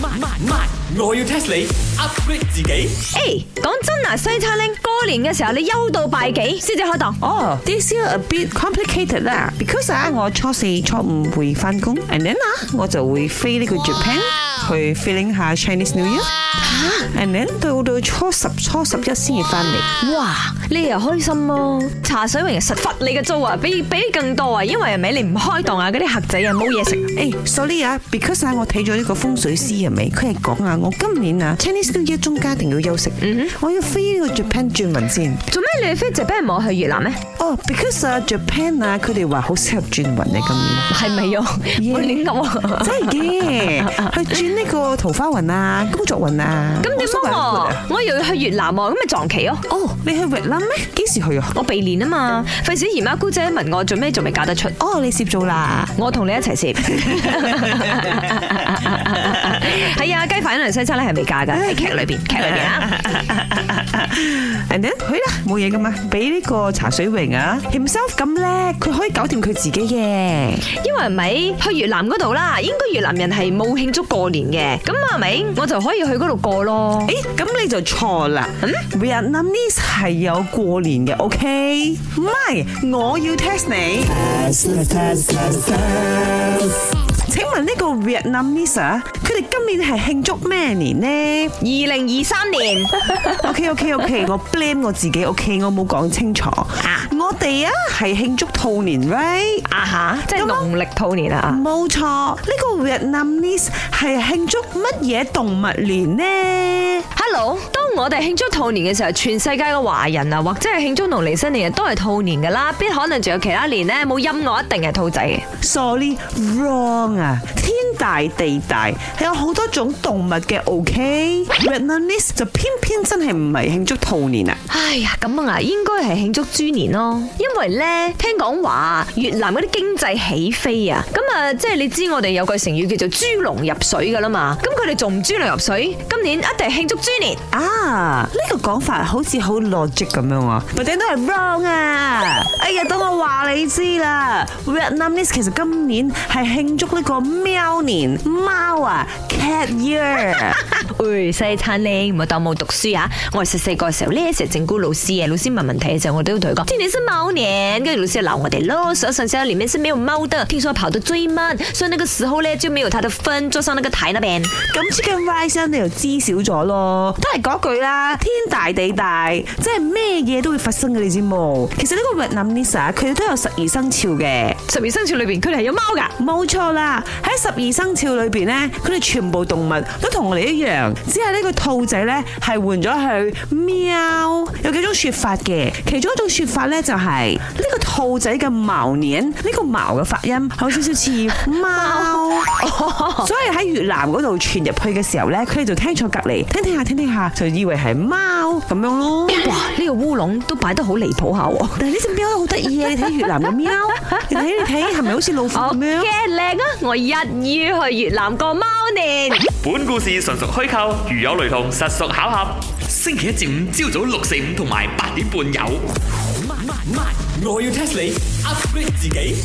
慢慢，我要 test 你 upgrade 自己。誒，講真啊，Shirley，過年嘅時候你休到拜幾先至開檔哦，this is a bit complicated 啦，because 啊，我初四初五會翻工，and then 啊，我就會飛呢個 Japan 去 feeling 下 Chinese New Year。吓，and then 到到初十初十一先至翻嚟。哇，你又開心咯！茶水榮實罰你嘅租啊，比比更多啊，因為係咪你唔開檔啊？嗰啲客仔啊冇嘢食。誒，sorry 啊，because 啊，我睇咗呢個風水師啊。佢係講啊，我今年啊，Chinese New Year 中間一定要休息。嗯哼，我要飛呢個 Japan 轉運先。做咩你飛 Japan 冇去越南咩？哦，because 啊 Japan 啊，佢哋話好適合轉運你今年。係咪啊？我亂噏，真嘅。去轉呢個桃花運啊，工作運啊。咁點樣去越南喎，咁咪撞期哦！哦，你去越南咩？幾時去啊？我避年啊嘛，費事姨媽姑姐問我做咩仲未嫁得出。哦，你攝做啦，我同你一齊攝 。係啊，雞飯一嚟，西餐咧係未嫁噶，喺 劇裏邊，劇 裏邊啊。Andy 去啦，冇嘢噶嘛，俾呢個茶水榮啊，himself 咁叻，佢可以搞掂佢自己嘅。因為咪去越南嗰度啦，應該越南人係冇慶祝過年嘅，咁啊咪我就可以去嗰度過咯。欸。誒，咁你就。錯啦，嗯，Vietnamese 係有過年嘅，OK，唔係，我要 test 你。請問呢個 Vietnamese 佢哋今年係慶祝咩年呢？二零二三年。OK OK OK，我 blame 我自己，OK，我冇講清楚我。我哋啊係慶祝兔年喂，right？啊哈，即係農曆兔年啊。冇錯，呢個 Vietnamese 係慶祝乜嘢動物年呢？Hello? 當我哋慶祝兔年嘅時候，全世界嘅華人啊，或者係慶祝農曆新年，都係兔年噶啦，邊可能仲有其他年呢？冇音樂我一定係兔仔，sorry wrong 啊！天大地大，係有好多種動物嘅，ok。越南呢就偏偏真係唔係慶祝兔年啊！哎呀，咁啊，應該係慶祝豬年咯，因為呢，聽講話越南嗰啲經濟起飛啊，咁啊，即係你知我哋有句成語叫做豬籠入水噶啦嘛，咁佢哋仲唔豬籠入水，今年一定係慶祝豬。啊！呢個講法好似好邏輯咁樣喎，或者都係 wrong 啊！哎呀，等我話你知啦，Vietnamese 其實今年係慶祝呢個喵年貓啊 cat year。 唉、哎，西餐廳唔係當冇讀書啊。我哋細細個嘅時候咧，成日整蠱老師啊，老師問問題嘅時候，我都要同佢講，今年係貓年。跟住老師就鬧我哋咯。十二生肖裏面是沒有貓的，聽說跑得最慢，所以那個時候咧就沒有他的分，坐上那個台那邊。咁最近 rise 又知少咗咯，都係嗰句啦，天大地大，真係咩嘢都會發生嘅，你知冇？其實呢個 Vietnamese 佢哋都有十二生肖嘅，十二生肖裏邊佢哋係有貓噶，冇錯啦。喺十二生肖裏邊呢，佢哋全部動物都同我哋一樣。只係呢個兔仔呢係換咗佢喵，有幾種說法嘅。其中一種說法呢，就係呢個兔仔嘅毛年，呢、這個毛嘅發音，有少少似貓，所以喺越南嗰度傳入去嘅時候呢，佢哋就聽錯隔離聽聽下聽，聽聽下，就以為係貓咁樣咯。個烏龍都擺得好離譜下，但係呢隻貓都好得意嘅，你睇越南嘅貓，你睇你睇，係咪好似老虎咁樣？好靚啊！我一於去越南過貓年。本故事純屬虛構，如有雷同，實屬巧合。星期一至五朝早六四五同埋八點半有。我要 test 你，upgrade 自己。